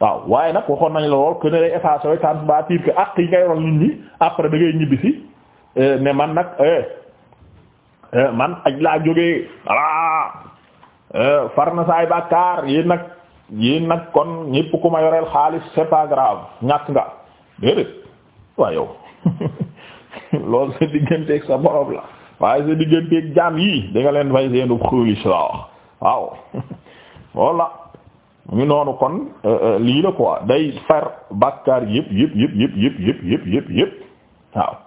waaw waaye nag waxoon nañ la lool que ne day effacé way tant ba tiir que ak yi ngay ron nit ñi après da ñibbisi euh, ne man nag euh, euh, man aj laa jógee voilà far na saay bàkkaar yi nag yi nag kon ñépp ku ma yoreel xaalis c'est pas grave ñàkk nga déedéet waaw yow loolu sa digganteeg sa borom la waaye sa digganteeg jaam yii da leen fay seenub xaalis la wax waaw walla ñu noonu kon euh, euh, lii la ko quoi day far bàkkaar yëpp yëpp yëpp yëpp yëpp yëpp yëpp yëpp yëpp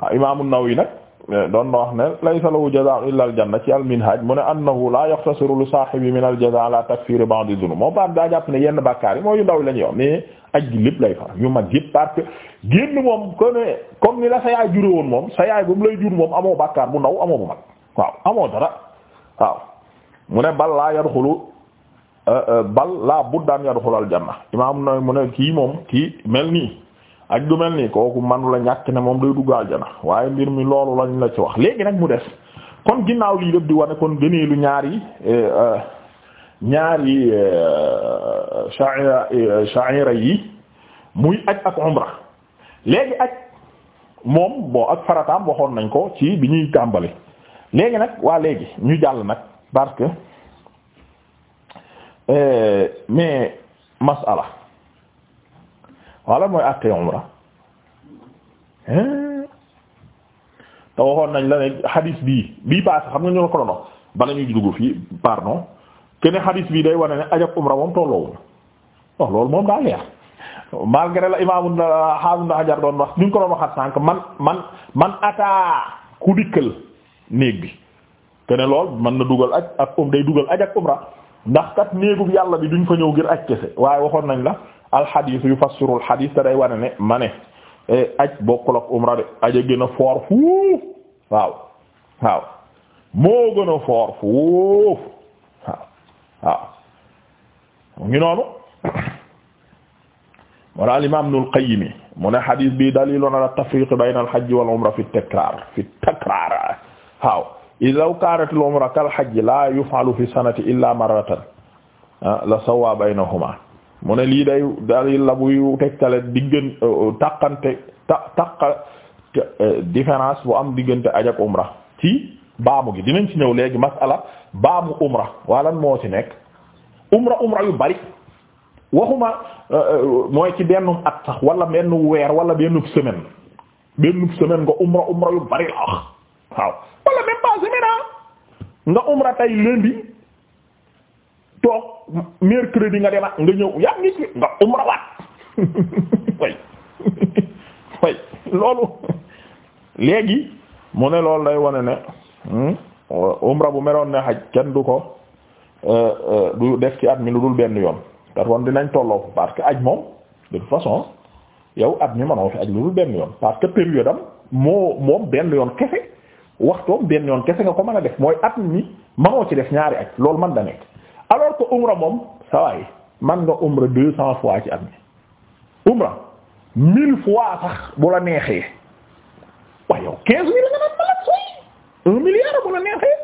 waaw waaw naw yi nag euh, doon na wax ne laysa lahu jazaa'un illa al janna ci al mu ne annahu la yaxtasiru li saahibi min al jazaa' la takfiri ba'd dhunub moo baax daa jàpp ne yenn bàkkaar yi mooy yu ndaw lañu yow mais aj gi lépp lay far yu mag yëpp parce que génn moom que ne comme ni la sa yaay jure woon moom sa yaay bu mu lay jur moom amoo bàkkaar bu ndaw amoo bu mag waaw amoo dara waaw mu ne bal la Euh, euh, bal la buddaan yadxulal janna imaam na mu ne kii moom kii mel nii ak du mel nii kooku manu la ñàkk ne moom day dugg aljana waaye mbir mi loolu lañ la ci wax léegi nag mu des kon ginnaaw lii lépp di wane kon gëneelu ñaari eh, eh, ñaari eh, sha'ira sha'ira yi muy aj ak umra léegi aj moom bon ak farataam waxoon nañ ko ci bi ñuy tàmbali léegi nag waa léegi ñu jàll nag parce que Eh, mais masala wala mooy àttee umra eh. te waxoon nañ la ne xadis bii bii passé xam nga ñoo ko doon bala ñuy dugg fii pardon que ne xadis bii day wane ne ajab umra moom tolloowul non oh, loolu moom daa leer malgré la imaamu xaamum na xajar doon wax duñ ko doon waxaat sànq man man man ataa ku dikkal néeg bi que ne lool mën na dugal aj ak um day dugal aj ak umra ndax kat néegub yàlla bi duñ fa ñëw ngir aj kese waaye waxoon nañ la alxadiis yu fassirul xadiis te day wane ne ma ne e, aj bokkul ak umra de aja gën a foor fuuf waaw waaw moo gën a foor fuuf waaw waaw mu ngi noonu wala al imaam Ibnul Qayyim mu ne xadiis bi dalilun ala tafriq bayna al hajj wal umra fi takraar fi takraar waaw law kaanatil umra kal hajji la yufalu fi sanati illa marratan ah, la sawaa baynahuma mu lii day dalil la buy tegtale diggan taqante ta taqa différence bu am diggante aj ak umra ci baamu gi dinañ ci ñëw léegi masala baamu umra walan moo ci nekk umra umra yu bari waxuma euh, mooy ci benn at sax wala benn weer wala benn semaine benn semaine nga yu bari la wala même pas semaine nga umra tay lundi toog mercredi nga demaat nga ñëw yaa ngi ci nga umra waat way way loolu léegi mu ne lool day wane ne hmm, umra bu meloon ne xaj kenn du ko euh, euh, du def ci at mi lu dul benn yoon te dinañ tolloo parce que aj moom de toute façon yow at mi manoo fi aj lu dul benn yoon parce que période moo moom benn yoon kese waxtoom benn yoon kese nga ko mën a def mooy at mi manoo ci def ñaari at loolu man da nekk alors que umra moom sawaay man nga umra deux cent fois ci at mi umra mille fois sax bu la neexee waaye yow quinze mille nga naan malade sooy un milliard bu la neexee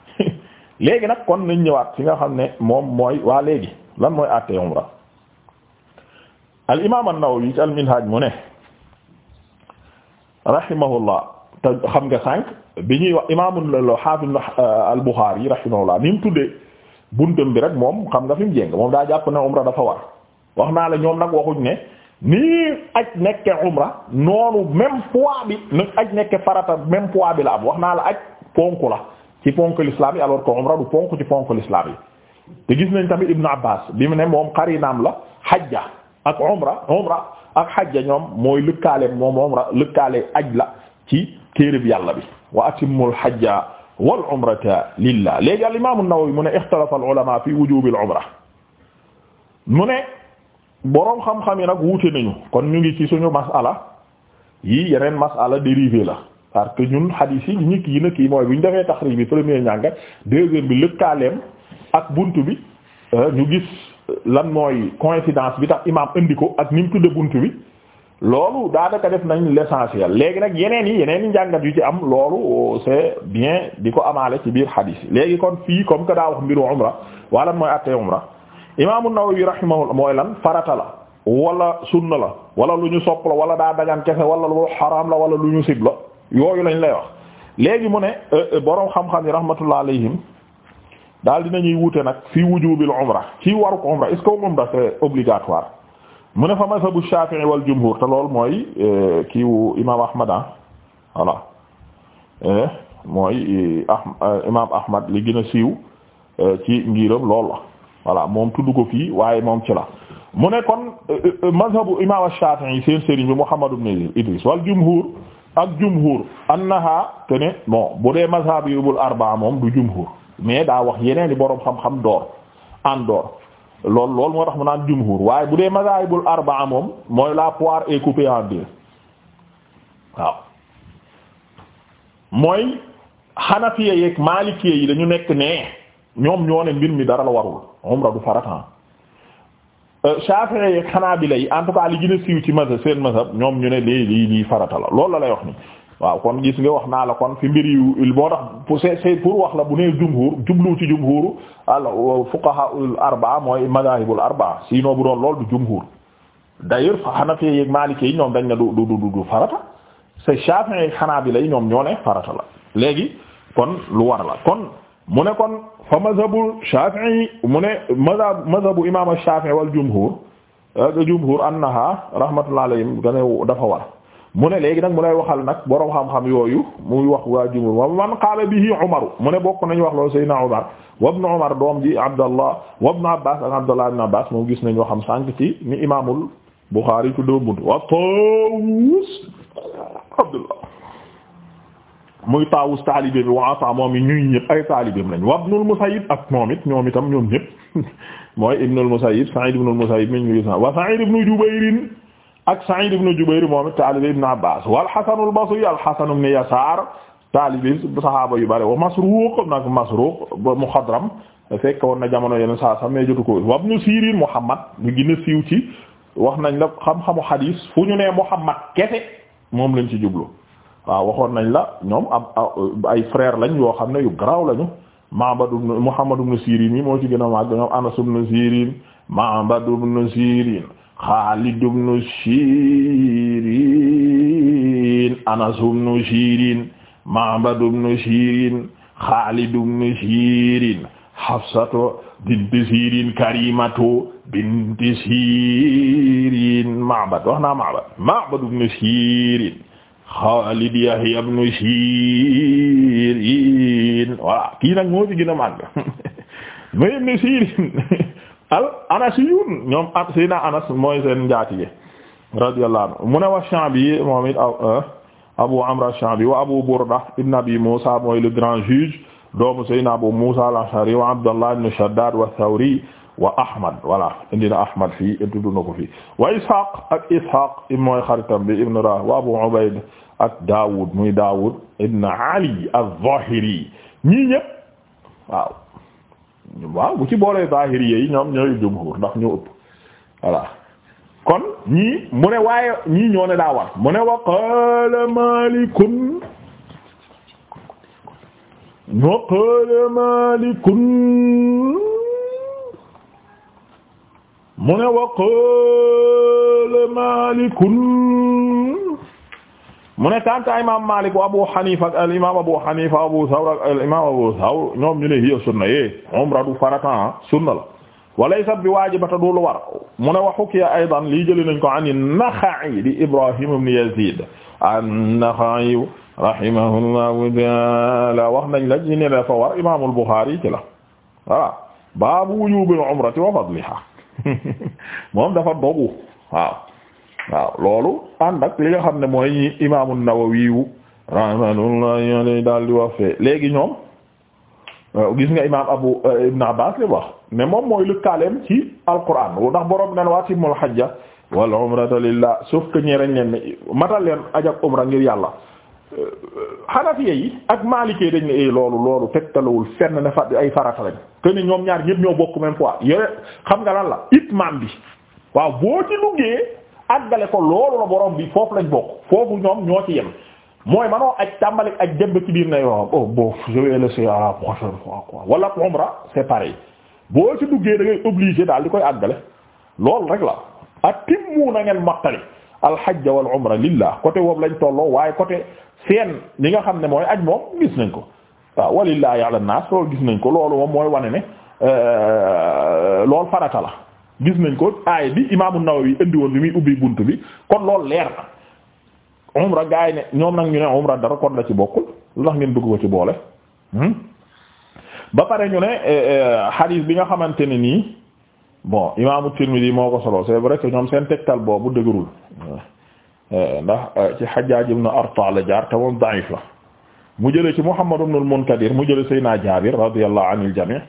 léegi nag kon nañ ñëwaat fi nga xam ne moom mooy waa léegi lan mooy àttee umra al imaam an-Nawawi ci al minhaj mu ne rahimahullah te xam nga sànq bi ñuy wax imaamul haafid al Buxaari rahimahullah ni mu tuddee buntam bi rek moom xam nga fi mu moom daa jàpp ne umra dafa war wax naa la ñoom nag waxuñ ne nii aj nekke umra noonu même poids bi nu aj nekke farata même poids bi la am wax naa la aj ponk la ci ponk l'islam yi alors que umra du ponk ci ponk l'islam yi te gis nañ tamit Ibn Abbas bi mu ne moom xarinaam la hajja ak umra umra ak xajja ñoom mooy lëkkaale moom moom lëkkaale aj la ci téereb yàlla bi wa atimmul hajja wal umrata lillah léegi al imam an yi mu ne ixtalafa al ulama fi wujubil umra mu ne boroom xam-xam yi nag wuute nañu kon ñu ngi ci suñu masala yi yeneen masala dérivé la parce que ñun hadis yi ñu kii na kii mooy bu ñu defee taxrij bi premier ñànga deuxième bi lëkkaaleem ak bunt bi euh, ñu gis lan mooy coïncidence bi tax imaam indi ko ak ni mu tudde bunt bi loolu daanaka def nañ l'essentiel léegi nag yeneen yi yeneen yi njàngat yu ci am loolu c'est bien di ko amaale ci biir hadith yi léegi kon fii comme que daa wax mbiru umra wala mooy attee umra imaamu Nawawi rahimahullah mooy lan farata la wala sunna la wala lu ñu sopp la wala daa dagan kese wala lu xaraam la wala lu ñu sib la yooyu lañ lay wax léegi mu ne euh, euh, borom xam-xam yi rahmatullah alayhim daal dinañuy wute nag fi wujubil umra ci waruk umra est-ce umra c'est obligatoire mu ne fa mazhabu Shafi'i wal jumhur te lool mooy eh, kiiwu imam Ahmad ah voilà eh, mooy ah Ahmad li gën a siiw ci ngiram lool la voilà moom tudd ko fii waaye moom ci la mu ne kon mazhabu imam Shafi'i seen sëriñ bi Muhammad ibn Idris wal jumhur ak jumhur annaha te ne bon bu dee mazhab yubul arbaa moom du jumhur mais daa wax yeneen i borom xam-xam door en door loolu moo tax mu naan jumhur waaye bu dee mazahibul arbaa moom mooy la poire est coupée en deux waaw mooy xanafiya yeeg maalikiya yi dañu nekk nee ñoom ñoo ne mbir mi dara la warul umra du faratan euh, shafi'i yeeg xanaabila yi en tout cas li gën a siiw ci mazhab seen mazhab ñoom ñu ne lii lii lii farata la loolu la lay wax ni waaw kon gis nga wax naa la kon fi mbir yu boo tax pour c'est pour wax la bu nee jumhur jublu ci jumhur al fuqaha al arbaa mooy madahibul arbaa sinon bu doon lool du jumhur d'ailleurs Hanafi yeek Maliki yi ñoom dañ ne du du du farata c'est Shafi'i ak Hanabila yi ñoom ñoo ne farata la léegi kon lu war la kon mu ne kon fa mazhabul Shafi'i mu ne mazhab mazhabu imam Shafi'i wal jumhur euh, jumhur annaha rahmatullahi alayhim dafa war mu ne léegi nag mu lay waxal nag borom xam-xam yooyu muy wax waa jumhur wa man qaala bihi Umar mu ne bokk nañu wax loolu Seydina Umar wa ibn Umar doom ji Abdallah wa ibn Abbas ak Abdallah ibn Abbas moom gis nañu xam sànq ci ni imaamul Bukhari tudd bunt wa Tawus Abdallah muy Tawus taalibe bi wa moom yi ñuy ñëpp ay taalibeem lañ wa ibnul Musayyib ak moom it ñoom itam ñoom ñëpp mooy ibnul Musayyib Sa'id ibnul Musayyib mi ñu gis naa wa Sa'id ibn ak Sa'id ibn Jubayr moom it taalibe ibn Abbas wal Hasan al-Basri al Hasan ibn Yasar taalibe saxaaba yu bare wa Masruq nag Masruq ba muxadram fekk woon na jamono yeneen saa sax mais jotu ko wa ibn Sirin Muhammad ñu gën a siiw ci wax nañ la xam-xamu xadiis fu ñu nee Muhammad kese moom lañ ci jublu waaw waxoon nañ la ñoom ab ay frère lañ yoo xam ne yu garaaw lañu Ma'bad ibn Muhammad ibn Sirin yi moo ci gën a màgg ñoom Anas ibn Sirin Ma'bad ibn Sirin Xaalid ibnu Siirin Anas ibnu Siirin Ma'bad ibnu Siirin Xaalid ibnu Siirin Hafsatu binti Siirin Karimatu binti Siirin Ma'bad wax naa Ma'bad Ma'bad ibnu Siirin Xaalid Yahya ibnu Siirin voilà kii nag moo ci gën a màgg mooy ibnu Siirin al anasiyun ñoom at sayna anas mooy seen njaatige radiyallahu anhu mu ne wa Sha'bi moom it euh, Abu Amr ash-Sha'bi wa Abu Burda ibn Abi Musa mooy le grand juge doomu sayna Abu Musa al-Ash'ari wa Abdullah ibn Shaddad wa Thawri wa Ahmad voilà indi na Ahmad fii tudd na ko fii wa Ishaq ak Ishaq mooy xaritam bi ibn Rahw wa Abu Ubayd ak Daawud muy Daawud ibn Ali az-Zahiri ñii ñëpp waaw waaw bu ci boolee zahiri yi ñoom ñooy jumhur ndax ñoo ëpp voilà kon ñii mu ne waaye ñii ñoo ne daa war mu ne wa qaala malikun wa wa qaala malikun mu ne kanta imam Malik wa Abu Hanifa ak al imam Abu Hanifa Abu Thawr ak al imam Abu Thawr ñoom ñu ne hiya sunna yee eh, umra du farata ah, sunna la wa laysat bi waajibata du lu war mu ne wa hukiya aydan lii jëli nañ ko an an-Naxa'i di Ibrahim ibn Yazid an-Naxa'i rahimahullahu ta'ala wax nañ la ñu ne dafa war imam al-Bukhari ci la voilà baabu wujubil umrati wa fadliha moom dafa dogu waaw waaw loolu ànd ak li nga xam ne mooy imaamu Nawawi wu rahmatullahi alayhi daal di wax fee léegi ñoom gis nga imaam Abu euh, Ibn Abbas li wax ne moom mooy lu kaaleem ci alquran ndax borom nan waa timmul hajja wal umrata lillah sauf que ñeerañ leen ne matal leen aj ak umra ngir yàlla euh, Hanafiya yi ak Maalikee dañ ne eh, loolu loolu tegtalawul fenn ne fa ay farata lañ ñoom ñaar ñëpp ñoo bokk même fois yore xam nga lan la itmaam bi waaw boo ci duggee àggale ko loolu la borom bi foofu lañ bokk foofu ñoom ñoo ci yem mooy manoo ak tàmbali ak dem ba ci biir nay ah, waaw oh bon je vais laisser à la prochaine fois quoi wala umra c'est pareil boo ci duggee da ngay daal di koy àggale loolu rek la atimmu na ngeen mottali alxajja wal umra lillah côté boobu lañ tolloo waaye côté seen li nga xam ne mooy ak moom gis nañ ko waaw walillahi ala nas loolu gis nañ ko loolu moom mooy wane ne euh, loolu farata la gis nañ ko aay bi imaamu Nawawi indi woon bi muy ubbi bunt bi kon lool leer na umra gaa yi ne ñoom nag ñu ne umra dara kon la ci bokkul lu tax ngeen dugg ko ci boole hmm? ba pare ñu ne eh, eh, hadith bi nga xamante ne nii bon imaamu Tirmidhi moo ko solo c'est vrai ñoom seen tegtal boobu dëgërul eh, ndax ci Hajjaj ibn Arta la jaar te moom da'if la mu jëlee ci Muhammad ibn al-Munkadir mu jëlee Seydina Jaabir radiyallahu anil jami'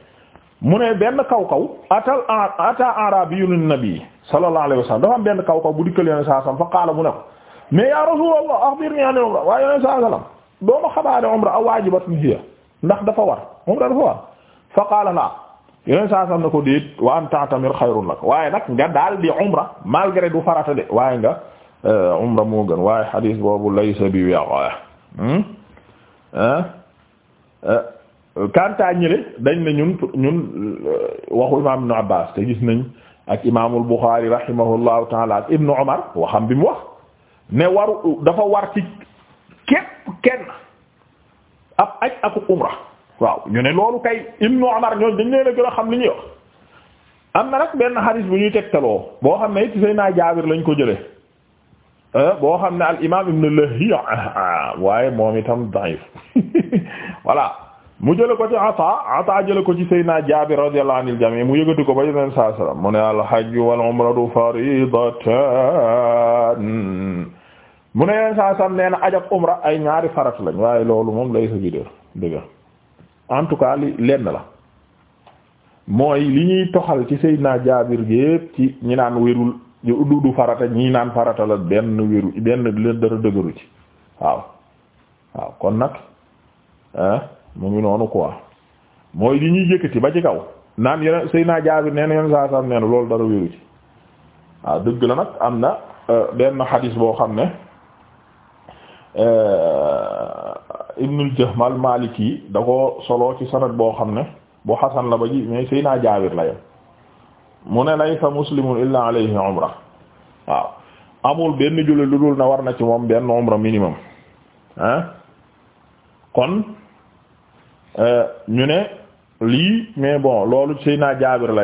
mu ne benn kaw kaw atal ata arabiyun nabi sallallahu alayhi dafa am benn kaw kaw bu dikkal yoneen saa sallam fa qaala mu ne ko mais ya rasulullah akhbirni an umra waaye yoneen saa sallam doo ma xabaare umra aw waajibatun hiya ndax dafa war umra dafa war fa qaala la yoneen saa sallam ko déet wa an ta'tamir xayrun waaye nag nga daal di umra malgré du farata de waaye nga euh, umra moo gën waaye hadis kanta ñële dañ ne ñun ñun euh, waxu imam ibnu abbas te gis nañ ak imaamul buxaari rahimahullahu taala ak ibnu omar waxam bi mu wax ne waru dafa war ci képp kenn ab aj ak umra waaw ñu ne loolu kay ibnu omar ñooñ dañ leen a gën a xam li ñuy wax am na nag benn xadis bu ñuy tegtaloo boo xam ne it Seydina jaabir lañ ko jële euh, boo xam ne al imam ibnu lahiya waaye moom itam daif voilà mu jële ko ci ata ata jële ko ci Seydina Jaabir radiyallahu anil jami mu yëgati ko ba yeneen saa salaam mu ne alhajju wal umratu faridatan mu ne yeneen saa salaam nee umra ay ñaari farat lañ waaye loolu moom lay sa vidéo dëgg en tout cas li lenn la mooy li ñuy toxal ci sëy naa Jaabir yépp ci ñi naan wérul du du farata ñi naan farata la benn wéru benn leen dara dëgëru ci waaw waaw kon nag ah mu ngi noonu quoi mooy li ñuy yëkkati ba ci kaw naan yeneen sëy naa Jaabir nee na yeneen saa saa nee na loolu dara wéeru ci waaw dëgg la nag am na euh, benn xadis boo xam ne euh, Ibnul Jahmal Maliki da ko soloo ci sanad boo xam ne bu xasan la ba ji mais sëy naa Jaabir la yem mu ne laysa muslimun illa alayhi umra waaw amul benn jullit lu dul na war na ci moom benn umra minimum ah kon Euh, ñu ne lii mais bon loolu naa Jaabir la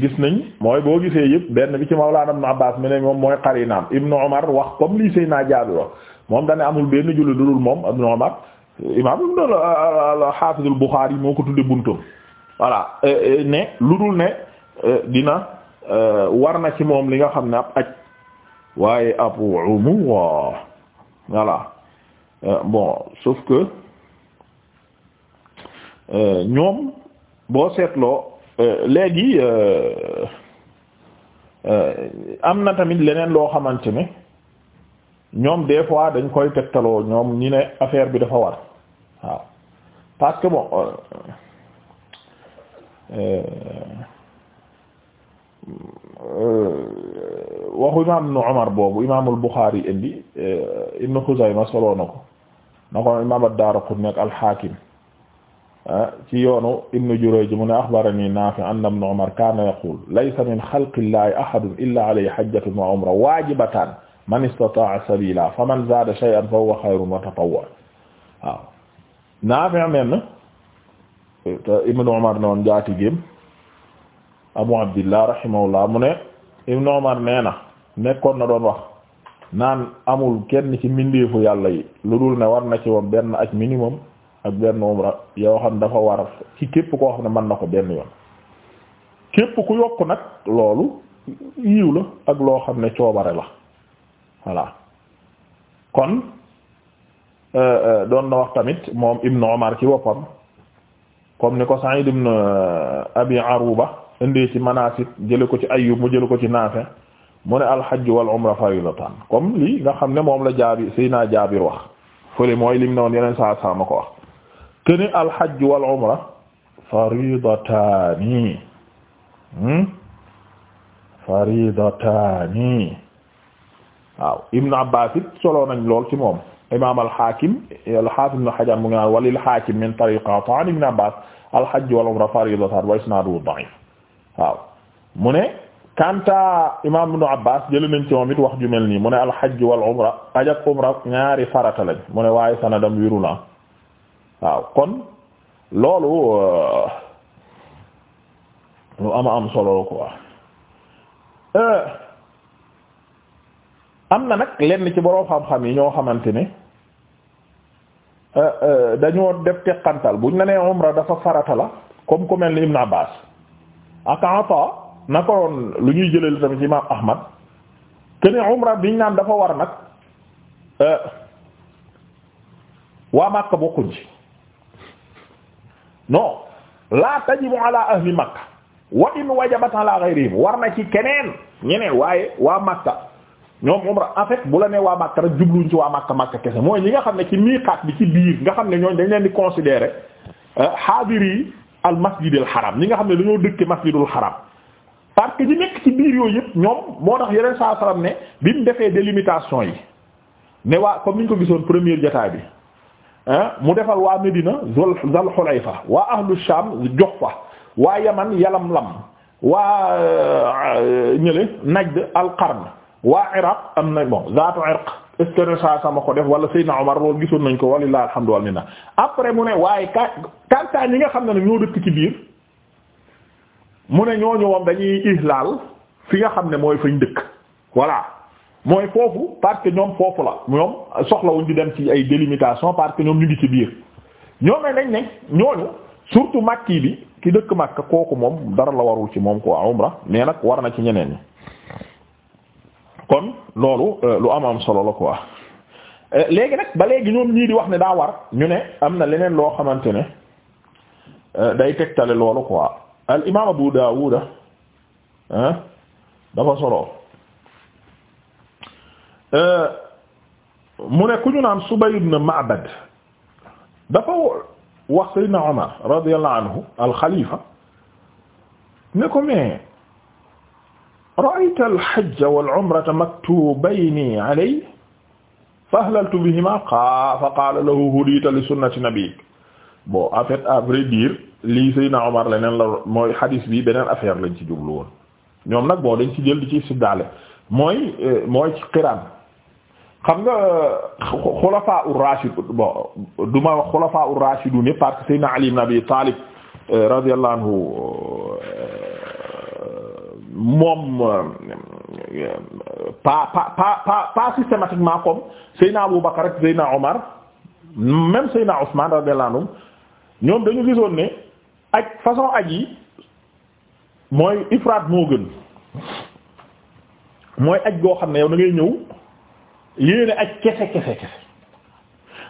gis nañ mooy boo gisee yëpp benn bi ci Mawlaana Ibn Abbaas mi ne moom mooy xarinaam Ibn Umar wax comme lii Seydina Jaabir wax moom dane amul benn julli dudul moom Ibn Umar imaam Ibn al-Haafiz moo ko tudde buntum voilà euh, euh, ne lu dul ne dina war na ci moom li nga xam ne ab aj waaye ab umu voilà bon sauf que Euh, ñoom boo seetloo euh, léegi euh, am na tamit leneen loo xamante ni ñoom des fois dañ koy tegtaloo ñoom ñi ne affaire bi dafa war waaw parce que bon waxu imaam ibnu Umar boobu imaamul Buxaari indi ibnu Xuzayma soloo na ko na ko imaam ad-Daaraqutni ak al Ah, ci yoonu ibnu Jurayj mu ne axbarani Naafi' anna ibna Umar kaana yaquulu laysa min xalqillaahi ahadun illaa alayhi hajjatun wa man istataa'a sabiila faman zaada shay'an fahuwa xayrun wa tatawwa waaw men te ibnu Umar ne woon jaatigeem nekkoon na doon wax amul kenn ci mbindeefu yàlla yi lu dul ne war na ci woon benn ak minimum ak benn umra yoo xam dafa war ci képp koo xam ne man na ko benn yoon képp ku yokk nag loolu yiw la ak loo xam ne coobare la voilà kon euh, euh, doon na wax tamit moom Ibn Umar ci woppam comme ni ko Sa'id ibn euh, Abi Aruba indee ci manaasit jële ko ci Ayyub mu jële ko ci Naafi mu ne al-hajj wal umra faridatan comme lii nga xam ne moom la jaabi naa Jaabir wax fële mooy lim ne woon yeneen saa saa ma ko wax këni alxaj wal umra faridataani hmm? faridataani waaw ibnu abbaas solo nañ lool ci moom imaam alxaakim alxaakim ibnu xajar mu ngi naan walil xaakim min tariqa ataan ibnu abbaas alxaj wal umra faridataani wa isnaaduhu da'if mu ne kanta imaam ibnu abbaas jëli nañ ci wax ju mel nii mu ne alxaj wal umra ajak umra ñaari farata lañ mu ne waaye sanadam wiruna waaw kon loolu uh, lu ama am solo quoi uh, am na nag lenn ci boroom xam-xam yi ñoo xamante ne uh, dañoo def teqantal buñ la nee umra dafa farata la comme ku mel ni Ibn Abbas ak Ata naka woon lu ñuy jëlee la tamit ci Imam Ahmad que ne umra biñ naan dafa war nag waa Makka bokkuñ ci. non la tajibu ala ahli makka wa in wajabat ala ghayrihim war na ci keneen ñeneen waaye waa makka ñoom moom en fait bu la nee waa makka rek jubluñ ci waa makka makka kese mooy ñi nga xam ne ci miiqaat bi ci biir nga xam ne ñooñ dañ leen di considérer hadiri euh, al masjidil haram ñi nga xam ne dañoo dëkke masjidul haram parce que ñi nekk ci biir yooyu yëpp ñoom moo tax yeneen saa salaam ne bi ñu defee délimitation yi ne waa comme ni ñu ko gisoon première jotaay bi mu defal waa Medina Zal fa waa ahlu Sham jox fa waa Yaman Yalamlam waa euh, ñële Najd al-Qarn waa Iraq am na bon zaatu Irq est-ce que saa sama def wala Seydina Omar loolu gisoon nañ ko walillahi alhamdu wal minna après mu ne waaye ka kantaa ñi nga xam ne ñoo dëkk ci biir mu ne ñooñu moom dañuy ihlaal fi nga xam ne mooy fañ dëkk voilà mooy foofu parce que ñoom foofu la ñoom soxlawuñ di dem ci ay délimitation parce que ñoom ñu ngi ci biir ñoom ne nañ ne ñooñu surtout makki bi ki dëkk makka kooku moom dara la warul ci moom quoi umra mais nag war na ci ñeneen ñi kon loolu euh, lu am am solo la quoi. Euh, léegi nag ba léegi ñoom ñii di wax ne daa war ñu ne am na leneen loo xamante ne euh, day tegtale loolu quoi al imaam Abu Daawuda dafa solo. Euh, mu ne ku ñu naan Subay ibn Ma'bad dafa wax Seydina Omar radiyallahu anhu al-Khalifa ne ko mais ra'ayta al-hajja wal-umrata maktubayni alayya fahlaltu bihimaa fa qaala lahu hudita li sunnati nabiyyik bon en fait à vrai dire lii Seydina Omar leneen la mooy hadis bi beneen affaire lañ ci jublu woon ñoom nag boo dañ ci jël di ci siddaale mooy euh, mooy ci qiraan xam nga xulafaa ur-rashid bon du xulafaa ur-rashidun ne parce que Seydina Ali ibn Abi Talib euh, radiyallahu anhu euh, moom euh, pas pas pas pas systématiquement comme Seydina Abu Bakar ak Seydina Omar même Seydina Ousmane radiyallahu anhu ñoom dañu gisoon ne façon aj yi mooy ifraat moo gën mooy aj goo xam ne yow da ñëw. yéene ak kese kese kese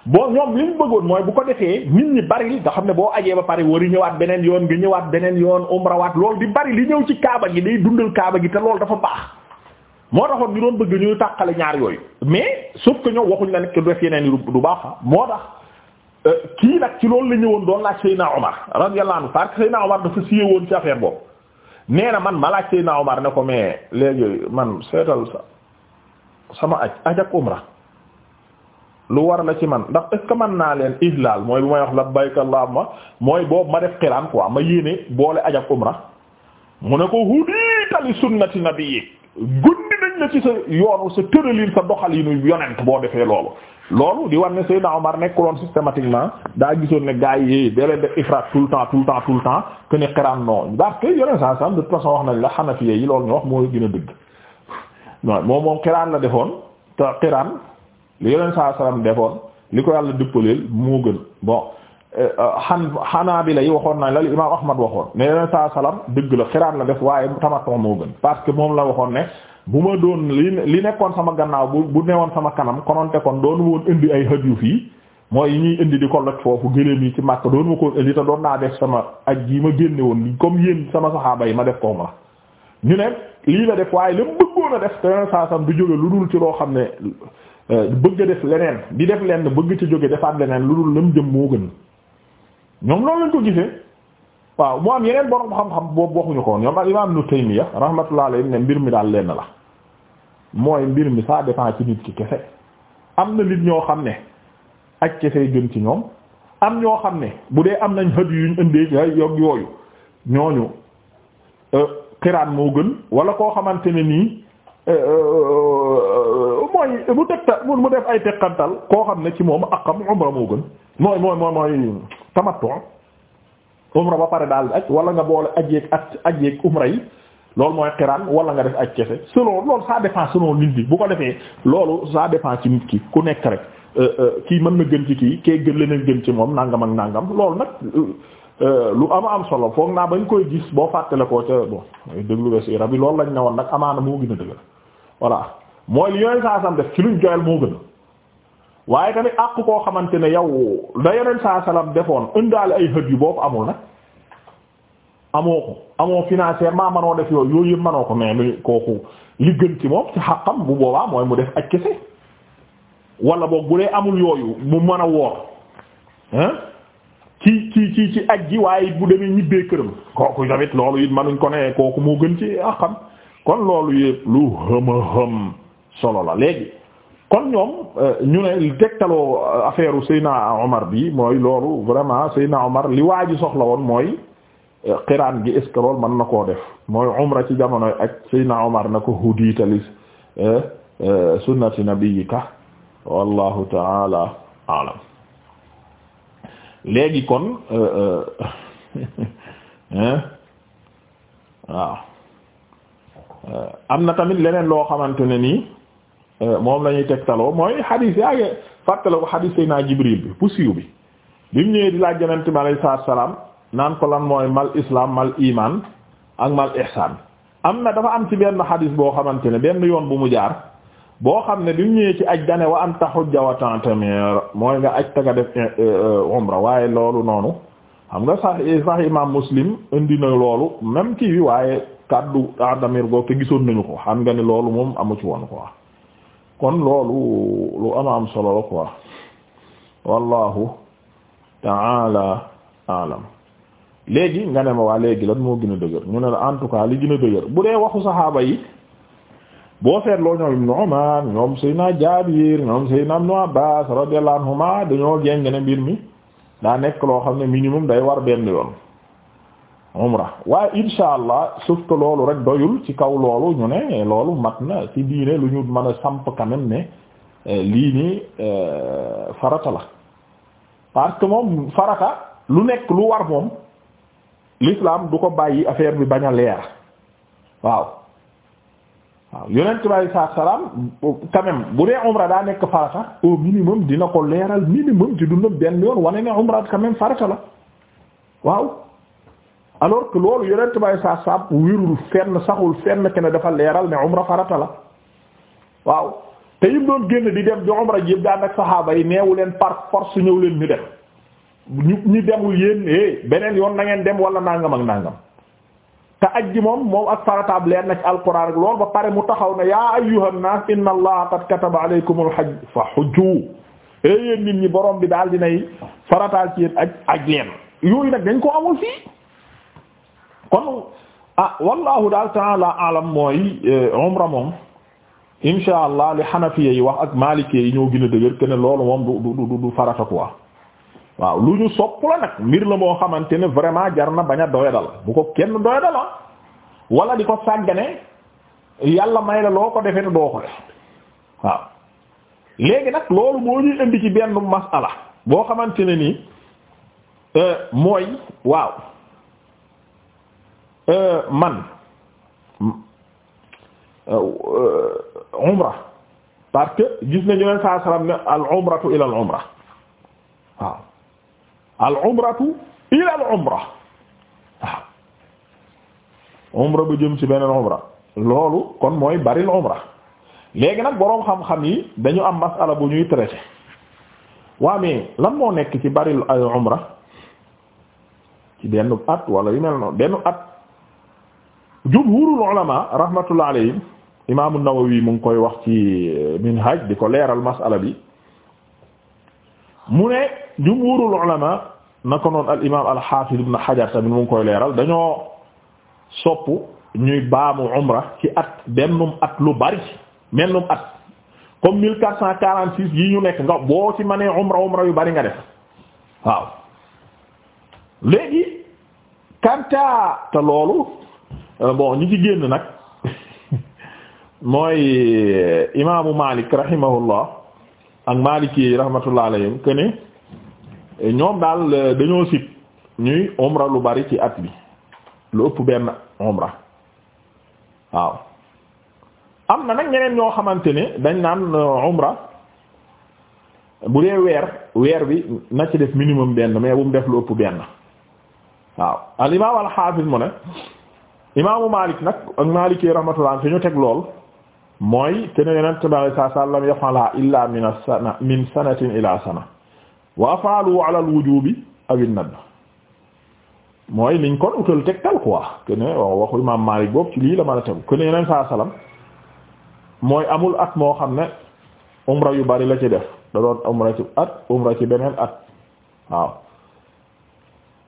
boo ñoom li mu bëggoon mooy bu ko defee nit ñi bari li xam ne boo ajee ba pare wari ñëwaat beneen yoon nga ñëwaat beneen yoon umrawaat loolu di bari li ñëw ci kaaba gi day dundal kaaba gi te loolu dafa baax moo taxoon ñu doon bëgg ñuy tàqale ñaar yooyu mais sauf que ñoom waxuñ la nekk du def yeneen yi du baax ah. moo tax euh, kii nag ci loolu la ñëwoon doon laaj Seydina Omar radiyallahu anhu parce que Seydina Omar dafa siyee woon ci affaire boobu nee na man ma laaj Seydina Omar ne ko mais léegi man seetal sa sama aj aj ak umra lu war la ci man ndax est ce naa leen ihlal mooy bu may wax labbayka ma mooy boobu ma def xiraan quoi ma yéene boole aj ak umra mu ne ko hudiita li sunnati nabiyyi gundi nañ la ci sa yoonu sa tëralin sa doxalinu yonent boo defee loolu loolu di war ne Seydina Omar nekkuloon systématiquement daa gisoon ne gars yi da leen def ifrat tout le temps tout le temps tout le temps que ne xiraan non saa sam de toute wax nañ la Hanafiya yi loolu ñu wax moo gën a non moom moom xiraan la defoon te xiraan li yoneen saa salaam defoon li ko yàlla dëppaleel moo gën bon xan eh, xanaa bi lay waxoon naa la li imaam Ahmad waxoon ne yoneen saa salaam dëgg la xiraan la def waaye tamattu moo gën parce que moom la waxoon ne bu ma doon li li nekkoon sama gannaaw bu bu newoon sama kanam kononte kon doon woon indi ay hëj yu fii mooy yi ñuy indi di ko loj foofu gëléem yi ci Makka doon ma ko indi te doon naa def sama aj yi ma génne woon comme yéen sama saxaaba yi ma def ko ma lii la def waaye la mu bëggoon def te yeneen saa sam du jóge lu dul ci loo xam ne euh, bëgg def leneen di def lenn bëgg ci jóge defaat leneen lu dul la mu jëm moo gën ñoom noonu lañ ko gisee waaw mu am yeneen borom xam-xam boobu waxuñu ko woon ñoom al imam nu Taymiya rahmatullah alayhi ne mbir mi daal lenn la mooy mbir mi ça dépend ci nit ki kese am na nit ñoo xam ne ak kesey gën ci ñoom am ñoo xam ne bu dee am nañ xët yuñ indee yog yooyu ñooñu euh, xiraan moo gën wala koo xamante ne nii euh, euh, mooy mu tegtal mu def ay teqantal koo xam ne ci moom akam umra moo gën mooy mooy mooy mooy tamattu umra ba pare daal ak wala nga boole ak yeeg ak aj yeeg umra yi loolu mooy xiraan wala nga def aj kese selon loolu ça dépend selon nit bi bu ko defee loolu ça dépend ci nit ki ku nekk rek euh, kii mën na gën ci kii kee gën leneen gën ci moom nangam ak nangam loolu nag Euh, lu am am solo foog naa bañ koy gis boo fàttale koo ca bon déglu ba loolu lañ ne woon nag amaana moo gën a dëgër voilà mooy li yoneen saa def ci luñ joyal moo gën waaye tamit àq koo xamante ne yow da yoneen saa salam defoon ay hëdd yu boobu amul nag amoo ko amoo financièrement manoo def yooyu yooyu yëpp manoo ko mais lu kooku li gën ci moom ci xàqam bu boobaa mooy mu def aj kese wala boog bu dee amul yooyu mu mën a woor ci ci ci ci aj ji waaye bu demee ñibbee këram kooku tamit loolu it manuñ ko ne kooku moo gën ci xam kon loolu yëpp lu hëma hëm solo la léegi kon ñoom euh, ñu ne tegtaloo euh, affaire u Seyna Omar bi mooy loolu vraiment Seyna Omar li waa ji soxla woon mooy xiraan euh, gi est ce que loolu mën na koo def mooy umra ci jamonoy ak Seyna Omar na ko hudiitali sunnati nabiyyika wallahu taala alam léegi kon euh, euh, waaw euh, am na tamit leneen loo xamante ne nii moom lañuy ñuy tegtaloo mooy xadiis yaa ngi fàttale ko xadiis Seydina Jibril bi bu siiw bi bi mu di laaj Yonent bi alayhi salaam naan ko lan mooy mal islaam mal iman ak mal ihsan am na dafa am ci benn xadiis boo xamante ne benn yoon bu mu jaar boo xam ne bi ñëwee ci aj dane wa an tahujja wa ta'tamir mooy nga aj taga def eh, eh, umra waaye loolu noonu xam nga sax eh, sax imam muslim indi na loolu même kii waaye kaddu ta'tamir goog te gisoon nañu ko xam nga ni loolu moom amu ci woon quoi kon loolu lu ama am solo la quoi wallahu ta'ala a'lam léegi nga ne ma waa léegi lan moo gën a dëgër ñu ne la en tout cas li gën dëgër bu dee waxu saxaaba yi boo seetloo ñoom Ibn Umar ñoom Seydina Jaabir ñoom Seydina Ibn Abbaas radiyallahu anhuma dañoo jeng ne mbir mi daa nekk loo xam ne minimum day war benn yoon umra waaye insha allah sauf que loolu rek doyul ci kaw loolu ñu ne loolu mat na ci diine lu ñu mën a samp quand ne eh, lii nii eh, farata la parce que moom farata lu nekk lu war moom l'islam du ko bàyyi affaire bi bañ a leer waaw waaw yonent bi alayhi salaam quand même bu dee umra daa nekk farata au minimum dina ko leeral minimum ci dundam benn yoon wane ne umra quand même farata la waaw alors que loolu yonent bi alayhi salaam wérul fenn saxul fenn kenn dafa leeral ne umra farata la waaw te yim doon génn di dem di umra ji yëpp daan ak saxaaba yi neewu leen par force ñëw leen ñu dem ñu ñu demul yéen eh beneen yoon na ngeen dem wala nangam ak nangam. te ajji moom moom ak farataab leer na ci lool ba pare mu taxaw ne yaa ayyuhan naas inna allaha qad kataba alaykumul hajj fa hujju e yéen nit ñi borom bi daal dinay farataal ci yéen aj aj leen yooyu nag dañ ko amul fii kon ah wallahu daal taala alam mooy eh, umra moom insha allah li xanafiya yi wax ak maalikee yi ñoo gën a dëgër que ne du du du farata quoi waaw lu ñu sopp la nag mbir la moo xamante ne vraiment jar na bañ a doyadal bu ko kenn doyadal la ah. wala di ko sàggane yàlla may la loo ko defe te doo ko def waaw léegi nag loolu moo ñuy indi ci benn masala boo xamante ne nii euh, mooy waaw euh, man euh, umra parce que gis nañu leen saa salaam ne al umratu ila al umra waaw al umratu ila al waaw umra ba jëm ci beneen umra loolu kon mooy baril umra léegi nag boroom xam-xam yi dañu am masala bu ñuy traité waa mais lan moo nekk ci baril ay umra ci benn at wala yu mel noonu benn at jumhurul ulama rahmatullah alayhim imaamu Nawawi mu ngi koy wax ci minhaj di ko leeral masala bi mu ne jumhurul ulama na ko noon al imaam al xaafid ibn Hajar tamit mu koy leeral dañoo sopp ñuy baamu umra ci at bennum at lu bari mennum at comme 1446 yi ñu nekk nga boo ci mënee umra umra yu bari nga def waaw léegi kanta te loolu euh, bon ñi ci génn nag mooy euh, imaamu Maalik rahimahullah ak Maliki yi rahmatullah alayhim que eh, ñoom daal eh, dañoo sit ñuy umra lu bari ci at bi lu ëpp benn umra waaw am na nag ñeneen ñoo xamante ni dañ naan eh, umra bu dee weer weer bi na ci def minimum benn mais bu mu def lu ëpp benn waaw al xaafis mu ne imaamu Malik nag ak Maliki yi rahmatullah te ñu teg lool mooy te ne yonent bi alayhi salaatu salaam yafala illa min sana min sanatin ila sana wa afaalu ala al-wujubi aw an mooy liñ kon utal tegtal quoi que ne waxu imaam Maalik boobu ci lii la ma a tem que ne salaam mooy amul at moo xam ne umra yu bari la ci def da doon umra ci at umra ci beneen at waaw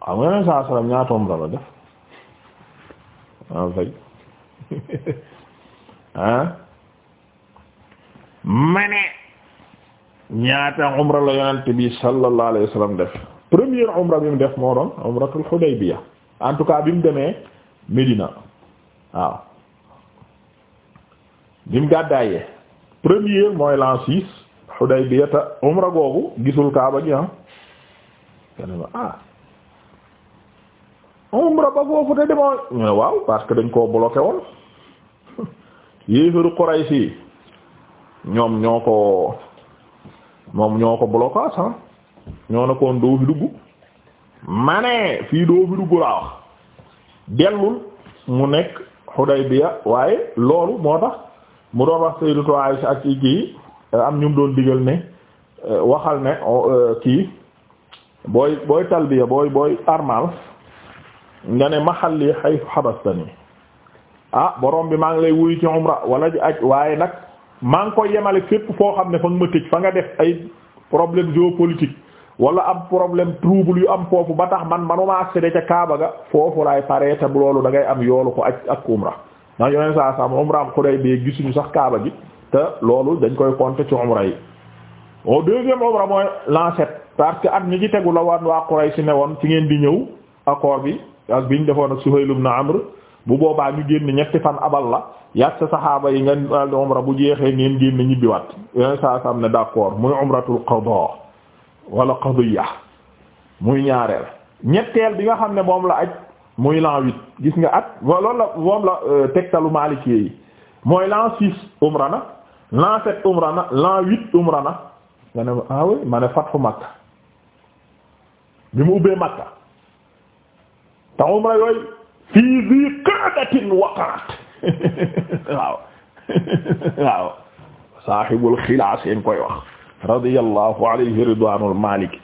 xam nga yonent saa salaam ñaata umra la def waaw ah, fay mane ñaata umra la yonent bi sallallahu alayhi wa def première umra bi mu def moo doon umratul Hudaybiya en tout cas bi mu demee Médina waaw bi mu gàddaayee première mooy l'an six Hudaybiya te umra googu gisul Kaaba gi ah kenn ah umra ba foofu te demoo waaw parce que dañ koo bloqué woon yéefaru Quraysh ñoom ñoo ko moom ñoo ko blocage ah ñoo na doo fi dugg ma fii doo fi dugg laa wax dellul mu nekk Hudaybiya waaye loolu moo tax mu doon wax Sayyidatu Aisha ak i kii eh, am ñu doon digal ne eh, waxal ne eh, kii booy booy talbiya booy booy armal nga ne mahalli haythu habastani ah borom bi maa ngi lay wuyu ci umra wala ji aj waaye nag maa ngi koy yemale fépp foo xam ne fa nga ma tëj fa nga def ay problème géopolitique wala am problème trouble yu am foofu ba tax man manuma accéder ca Kaaba ga foofu laay paree te loolu da ngay am yoolu ko ak ak umra ndax yeneen saa saa umra am Xudaybiya gisuñu sax Kaaba gi te loolu dañ koy compter ci umra yi. au deuxième umra mooy l'an parce que at ñi ci tegu la waan waa si ne woon ci ngeen di ñëw accord bi ak ñu defoon ak Suhayl ibn Amr bu boobaa ñu génn ñetti fan abal la yàgg sa saxaaba yi ngeen al umra bu jeexee ngeen génn ñibbiwaat yeneen saa sam ne d'accord muy umratul qada wala qadiya muy ñaareel ñetteel bi nga xam ne moom la aj muy l'an huit gis nga at loolu la moom la euh, tegtalu maalikee yi mooy l'an six umra na l'an sept umra na l'an huit umra na nga ne ah oui Makka bi mu ubbee Makka te umra yooyu fii zi qadatin waqarat waaw waaw sahibul xilaas yeen koy wax radiyallahu alayhi ridwanul malik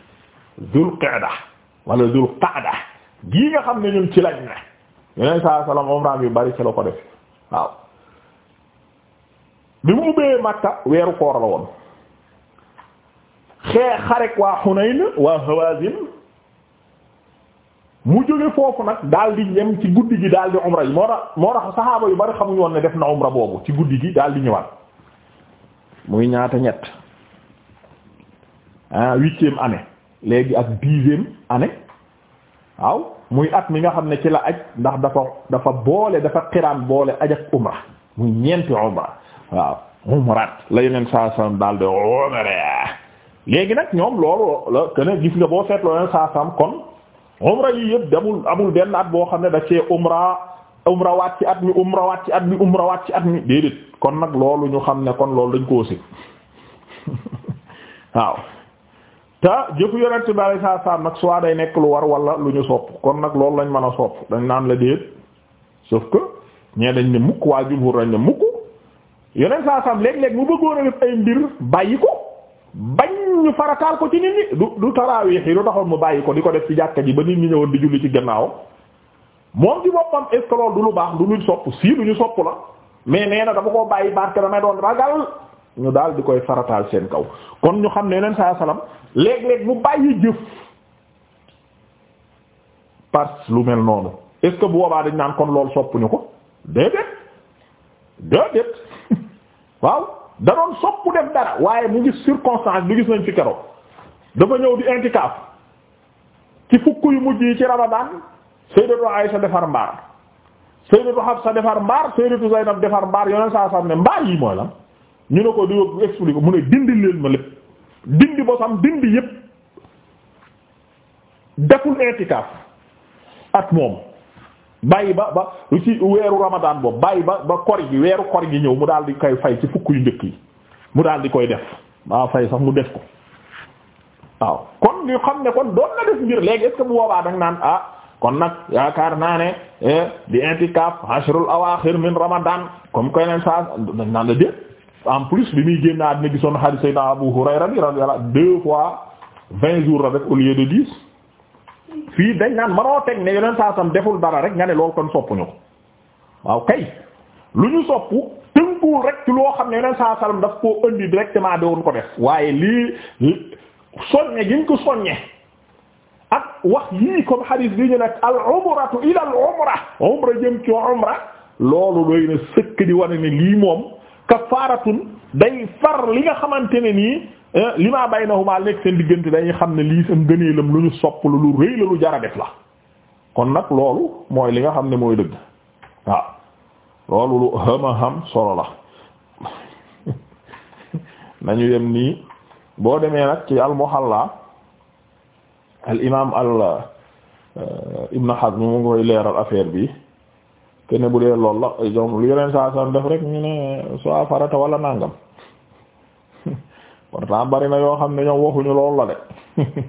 zul qada wala zul qada gii nga xam ne ñun ci lañ ne yeneen saa salaam umraam yu bari ci la ko def waaw bi mu ubbee Makka weeru koor la woon xee xarek waa Hunayn waa Hawazin mu jóge foofu nag daal di yem ci guddi gi daal di umra yi moo tax moo tax saxaaba yu bari xamuñu woon ne def na umra boobu ci guddi gi daal di ñëwaat muy ñaata ñett ah huitième année léegi ak dixième année waaw muy at mi nga xam ne ci la aj ndax dafa dafa boole dafa xiraan boole aj ak umra mu ñeenti umra waaw umraat la yeneen saa saam daal di umra léegi nag ñoom loolu la que ne gis nga boo seetloo yeneen saa saam kon. umra yi yëpp demul amul benn at boo xam ne daf cee umra umra waat ci at mi umra waat ci at mi umra ci at mi déedéet kon nag loolu ñu xam ne kon loolu dañ koo si waaw te jëfu yonent bi alei saa salaam nag soit day nekk lu war wala lu ñu sopp kon nag loolu lañ mën a sopp dañ naan la déet sauf que ñee dañ ne mukk waa jumhur dañ ne mukk yonent saa salaam léeg-léeg mu bëggoon a def ay mbir bàyyi ko bañ ñu farataal ko ci nit ñi du du taraawiix yi lu taxoon mu bàyyi ko di ko def ci jàkka ji ba nit ñi ñëwoon di julli ci gannaawam moom ci boppam est-ce que du lu baax du lu sopp sii lu ñu sopp la mais nee na dafa koo bàyyi parce que damay doon ragal ñu daal di koy farataal seen kaw kon ñu xam ne saa salaam léeg-léeg mu bàyyi jëf parce lu mel noonu est-ce bu boobaa dañ naan kon loolu soppuñu ko déedéet déedéet waaw da doon soppu def dara waaye mu gis circonstance bi gis nañ fi keroog dafa ñëw di intikaaf ci fukk yu mujj yi ci Ramadan sayyidatu Aisha defar mbaar sayyidatu Hafsa defar mbaar sayyidatu Zainab defar mbaar yoneen saa sam mbaar yi mooy lan ñu ne ko di expliquer mu ne dindi leen ma lépp dindi bosam dindi yépp deful intikaaf ak moom bàyyi ba ba ci weeru ramadan boobu bàyyi ba ba kor gi weeru kor gi ñëw mu daal di koy fay ci fukk yu njëkk yi mu daal di koy def maa fay sax mu def ko waaw kon ñu xam ne kon doon na def mbir léegi est ce bu boobaa danga naan ah kon nag yaakaar naa ne eh, di intikaaf ashrul awaaxir min ramadan comme koy neen sa dañ naan la dé en plus bi muy génn àddina gisoon xadiis Seydina Abu Hurayra bi radiyallahu deux fois vingt jours la def au lieu de dix fii dañ naan manoo teg ne yeneen saasam deful dara rek nga ne loolu kon soppuñu ko waaw kay lu ñu soppu tënkuwul rek ci loo xam ne yeneen saasam daf koo indi directement da woon ko def waaye lii soññe gi ko soññe ak wax yii comme hadith bi ñu nekk al umratu ila umra umra jëm ci umra loolu doy na sëkk di wane ne lii moom kafaaratun day far li nga xamante ne nii eh, li maa baynahuma nekk seen diggante dañuy xam ne lii sam gëneelam lu ñu sopp la lu rëy la lu jara la kon nag loolu mooy li nga xam ne mooy dëgg waaw loolu lu xam xam solo la nañu yem nii boo demee nag ci al Muhalla eh, al imaam al Ibn Hazm mu ngi koy leeral affaire bi kene bu dee loolu la ñoom lu yeneen saa def rek ñu ne soit farata wala nangam pourtant bari na yoo xam ne ñoom waxuñu lool la de